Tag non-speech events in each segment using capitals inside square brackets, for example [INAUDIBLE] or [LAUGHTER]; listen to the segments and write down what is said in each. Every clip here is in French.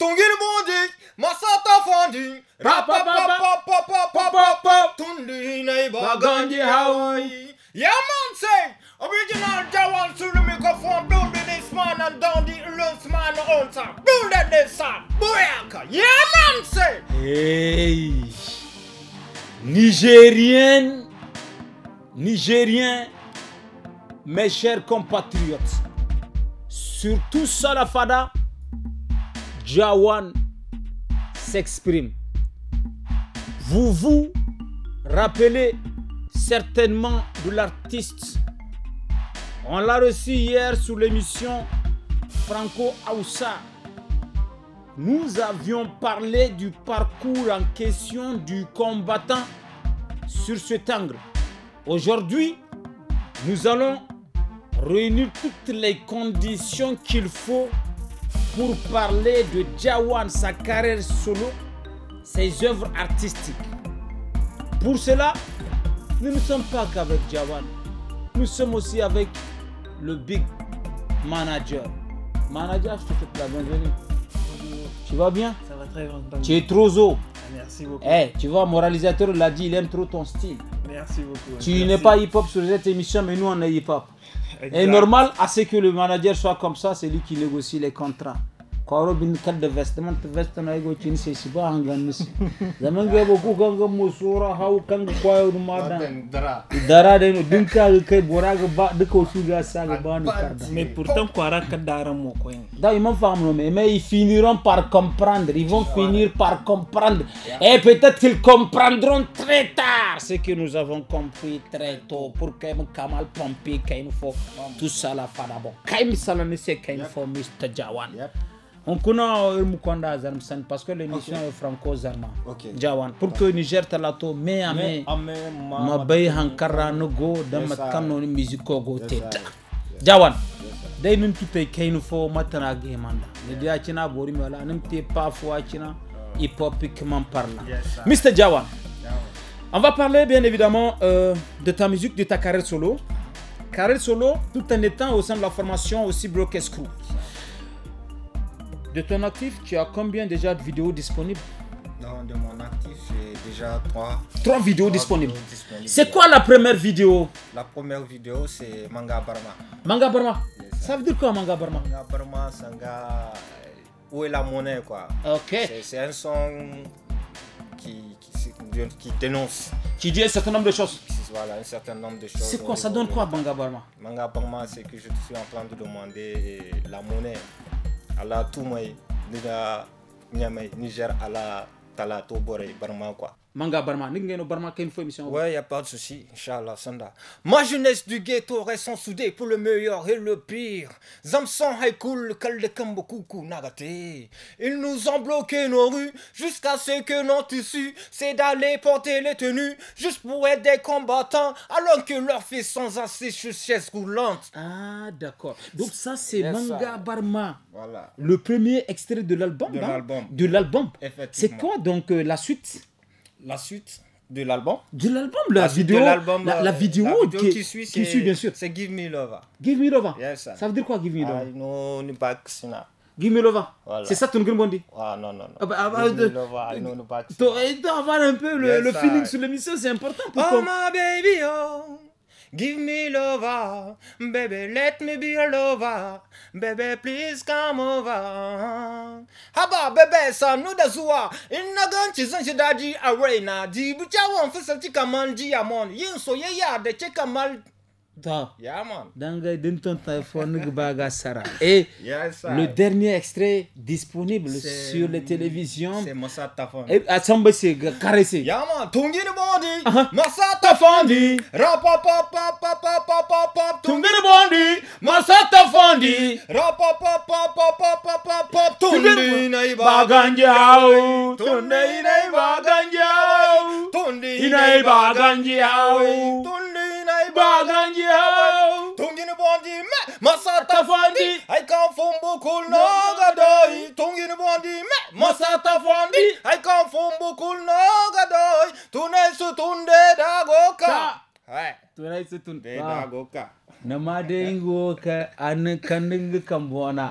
Tongue le bon dit, ma santa fondu. Papa, papa, papa, papa, papa, ton lune Hawaii. Ya original Jawan sur le microphone, Bobby this man and Dandy Lutz man on top. that this Boyaka. Ya Hey, Nigérien, Nigérien, mes chers compatriotes, surtout Salafada. Fada. Jawan s'exprime. Vous vous rappelez certainement de l'artiste. On l'a reçu hier sur l'émission Franco Aoussa. Nous avions parlé du parcours en question du combattant sur ce angle. Aujourd'hui, nous allons réunir toutes les conditions qu'il faut pour parler de Jawan, sa carrière solo, ses œuvres artistiques. Pour cela, nous ne sommes pas qu'avec Jawan. Nous sommes aussi avec le big manager. Manager, je te souhaite la bienvenue. Tu vas bien Ça va très bien. Tu es trop haut. Merci beaucoup. Eh, tu vois, moralisateur l'a dit, il aime trop ton style. Merci beaucoup. Tu n'es pas hip-hop sur cette émission, mais nous, on est hip-hop. [LAUGHS] Et normal, assez que le manager soit comme ça, c'est lui qui négocie les contrats bin kadda vestment vestana igo chinse siba hanganis zaman ga bo ku ganga musura hau kan ga kwayo mada dara dara da no dinka ga kai bora ga ba duka su ga sa ga ba no karda mais pourtant kwara ka dara mo ko en da ils m'ont femme no mais ils finiront par comprendre ils vont finir par comprendre et eh, peut-être qu'ils comprendront très tard ce que nous avons compris très tôt pour que kamal pompi kain fo tout ça la fa d'abord kain salane se kain fo mr jawan yep on connaît euh, Mukonda Zarmsan parce que l'émission okay. est franco-zarma. Okay. Jawan. Pour que Niger Talato me ame ma bay hankara no go dans ma kanon musico go teta. Jawan. Dès nim tu pe kainu fo matana ge manda. Ne tina china bori mala pa fo china ah. hip hop parlant. Mr Jawan. On va parler bien évidemment euh, de ta musique, de ta carrière solo. Carrière solo, tout en étant au sein de la formation aussi Broke Screw. De ton actif, tu as combien déjà de vidéos disponibles Non, de mon actif, j'ai déjà trois. Trois vidéos disponibles. C'est quoi la première vidéo La première vidéo, c'est Manga Barma. Manga Barma Ça veut dire quoi, Manga Barma Manga Barma, c'est un gars. Euh, où est la monnaie, quoi Ok. C'est un son qui, qui, qui, dénonce. Qui dit un certain nombre de choses. Voilà, un certain nombre de choses. C'est quoi Ça donne quoi, Manga Barma Manga Barma, c'est que je suis en train de demander euh, la monnaie. ala tumai daga nyamai niger ala tala to bore barma kwa Manga Barma, Ningeno Barma, n'y Ouais, a pas de souci, Inch'Allah, Sanda. Ma jeunesse du ghetto sans soudé pour le meilleur et le pire. Haikul, Ils nous ont bloqué nos rues jusqu'à ce que nos tissus, c'est d'aller porter les tenues juste pour être des combattants alors que leurs fils sont assez chaise roulantes. Ah, d'accord. Donc, ça, c'est Manga Barma. Voilà. Le premier extrait de l'album. De hein. l'album. De C'est quoi donc euh, la suite la suite de l'album. De l'album, la, vidéo. La, la, euh, la, vidéo qui, qui, suit, bien sûr. C'est Give Me Lover. Give Me Lover. ça veut dire quoi, Give Me Lover Give Me Lover. C'est ça ton grand bondi Ah non, non, non. Ah, bah, ah, give me ah, Lover, ah, I know Tu dois avoir un peu le, feeling sur l'émission, c'est important. Pour oh, comme... my baby, oh. Give me lover, baby, let me be your lover, baby, please come over. Haba, baby, sannu da zuwa, in na ganci zan shi daji a raina, jibi kyawun fusarci kamar jiyamon, yin soyayya da ke kamar Da. Yeah, Et yes, le dernier extrait disponible sur les télévisions. C'est Massa Tafondi. Et Assemble, c'est caressé. Yeah, man. Tungini Bondi. Massa pa Tungi Tungini Bondi. Massa pa Rapapapapapapapap. pop inai baganjao. Tundi inai baganjao. Tundi inai baganjao. Tundi baganjihau tungini bondime masata fondi aikan fumbukul nogadoi tungini bondime masata fondi aikan fumbukul nogadoi tunaisu tunde dagoka tunaisu tunde dagoka namade ingoka an kandingu kambona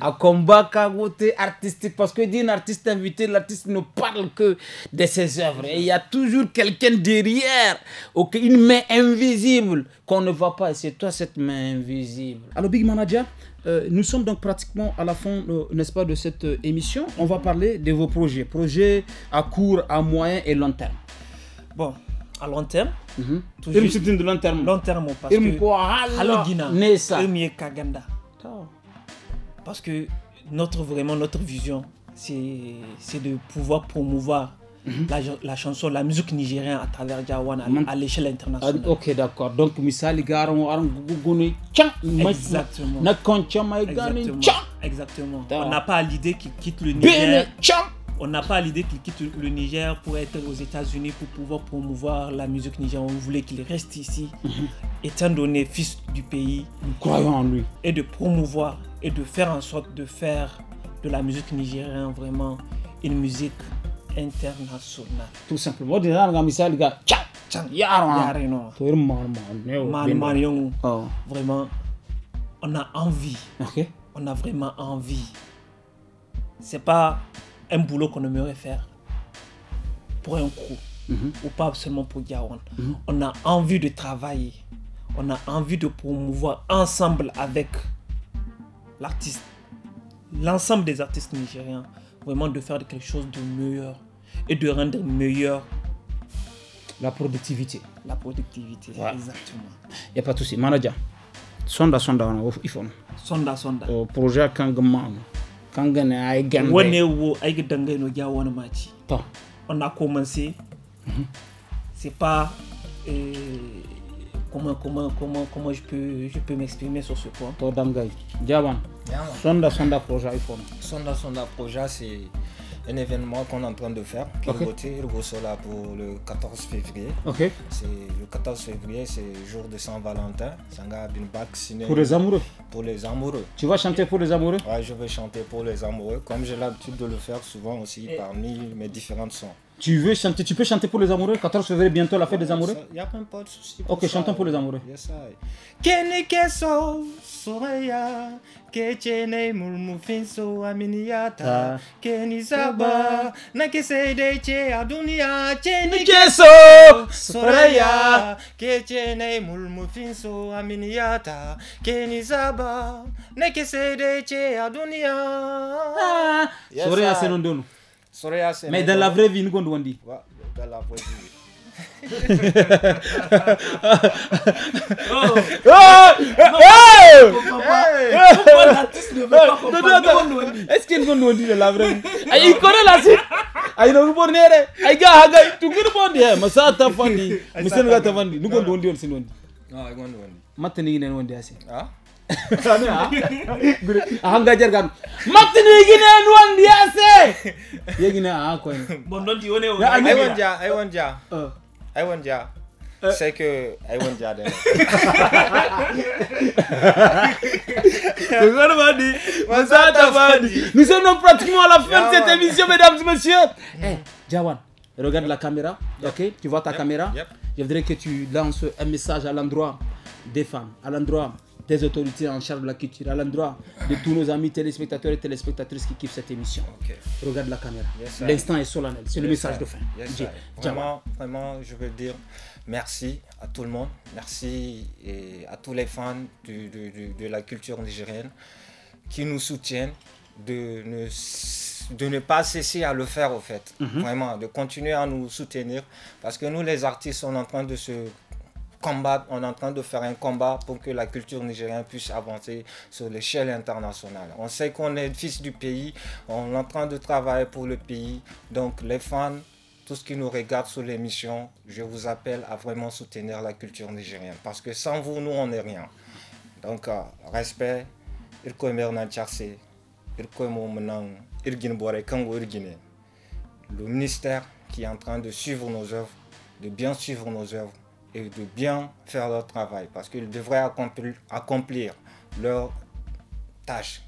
À combat côté artistique parce que un artiste invité, l'artiste ne parle que de ses œuvres. Et il y a toujours quelqu'un derrière, une main invisible qu'on ne voit pas. Et c'est toi cette main invisible. Alors Big Manager, euh, nous sommes donc pratiquement à la fin, euh, n'est-ce pas, de cette euh, émission. On va parler de vos projets. Projets à court, à moyen et long terme. Bon, à long terme. Mm -hmm. de long terme. Long terme, parce que... Parce que notre, vraiment, notre vision, c'est de pouvoir promouvoir la, chanson, la musique nigérienne à travers Jawan à, l'échelle internationale. ok, d'accord. Donc, misali garon Exactement. Exactement. On n'a pas l'idée qu'il quitte le Niger on n'a pas l'idée qu'il quitte le Niger pour être aux États-Unis pour pouvoir promouvoir la musique nigérienne. On voulait qu'il reste ici, mhm. étant donné fils du pays. Nous croyons en lui. Et de promouvoir et de faire en sorte de faire de la musique nigérienne vraiment une musique internationale. Tout simplement. Oh. Vraiment, on a envie. On a vraiment envie. C'est pas un boulot qu'on aimerait faire pour un coup mhm. ou pas seulement pour Garonne. Mhm. On a envie de travailler, on a envie de promouvoir ensemble avec l'artiste, l'ensemble des artistes nigériens, vraiment de faire quelque chose de meilleur et de rendre meilleur la productivité. La productivité, exactement. Il n'y a pas de souci. Manager, sonda sonda, il faut. Sonda sonda. Projet Kangman. Quand gane ay gembe wone wo ay dangay no ja wona maci to on a commencé c'est pas euh, comment comment comment comment je peux je peux m'exprimer sur ce point to dangay jaban sonda sonda projet iphone sonda sonda projet c'est un événement qu'on est en train de faire, okay. pour le 14 février. C'est le 14 février, c'est le jour de Saint-Valentin. Pour les amoureux. Pour les amoureux. Tu vas chanter pour les amoureux Ouais, je vais chanter pour les amoureux, comme j'ai l'habitude de le faire souvent aussi parmi mes différentes sons. Tu veux chanter, tu peux chanter pour les amoureux 14 février, bientôt la fête des amoureux Il n'y a même pas de souci. ok, ça. chantons pour les amoureux. Yes, I. Kene keso soraya kechene murmufinso aminiata keni saba na kese deche adunia chene keso soraya kechene murmufinso aminiata keni saba na kese deche adunia ah. Soraya c'est non Sorry, I said. Mais dans la vraie vie, nous on dit. Dans la vraie vie. oh. Oh. Oh. Est-ce qu'il nous dit la vraie vie Il connaît la suite. ay no rubornere ay ga haga tungir bondi he masa ta fandi misen ga ta fandi nugo ndondi on sin wondi ah gondi wondi matte ni ne wondi ase ah Ah, bon eh. eh. nous sommes pratiquement à la fin de cette émission mesdames et messieurs Eh Jawan regarde la caméra ok tu vois ta caméra je voudrais que tu lances un message à l'endroit des femmes à l'endroit des autorités en charge de la culture, à l'endroit de tous nos amis téléspectateurs et téléspectatrices qui kiffent cette émission. Regarde la caméra. L'instant est solennel. C'est le message de fin. Vraiment, je veux dire merci à tout le monde. Merci et à tous les fans de la culture nigérienne qui nous soutiennent, de ne, pas cesser à le faire au fait. Mhm. Vraiment, de continuer à nous soutenir parce que nous, les artistes, on est en train de se on est en train de faire un combat pour que la culture nigérienne puisse avancer sur l'échelle internationale. On sait qu'on est fils du pays, on est en train de travailler pour le pays. Donc les fans, tout ce qui nous regarde sur l'émission, je vous appelle à vraiment soutenir la culture nigérienne. Parce que sans vous, nous, on n'est rien. Donc, euh, respect, le ministère qui est en train de suivre nos œuvres, de bien suivre nos œuvres, et de bien faire leur travail parce qu'ils devraient accomplir, leur tâche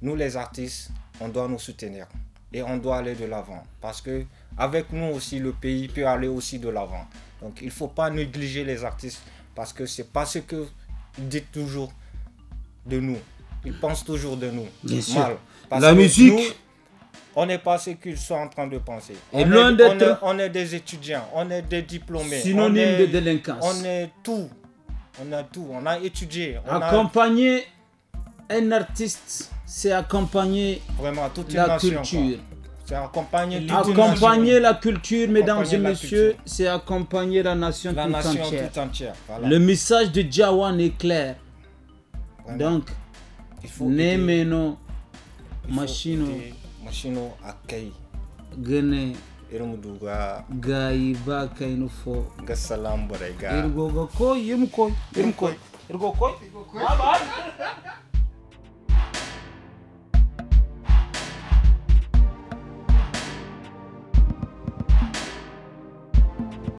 Nous les artistes, on doit nous soutenir et on doit aller de l'avant parce que avec nous aussi le pays peut aller aussi de l'avant. Donc il faut pas négliger les artistes parce que c'est pas ce que dit toujours de nous. Ils pensent toujours de nous. la musique, on n'est pas ce qu'ils sont en train de penser. on, est, des étudiants, on est des diplômés. Synonyme de délinquance. On est tout. On a tout. On a étudié. accompagner un artiste, c'est accompagner la culture. C'est accompagner Accompagner la culture, mesdames et messieurs, c'est accompagner la nation, entière. Tout entière Le message de Jawan est clair. Donc, il faut mashino akai gane irin duga yi ba kai nufo ga salam bare ga irgo go ko yim ko yim irgo ko ba ba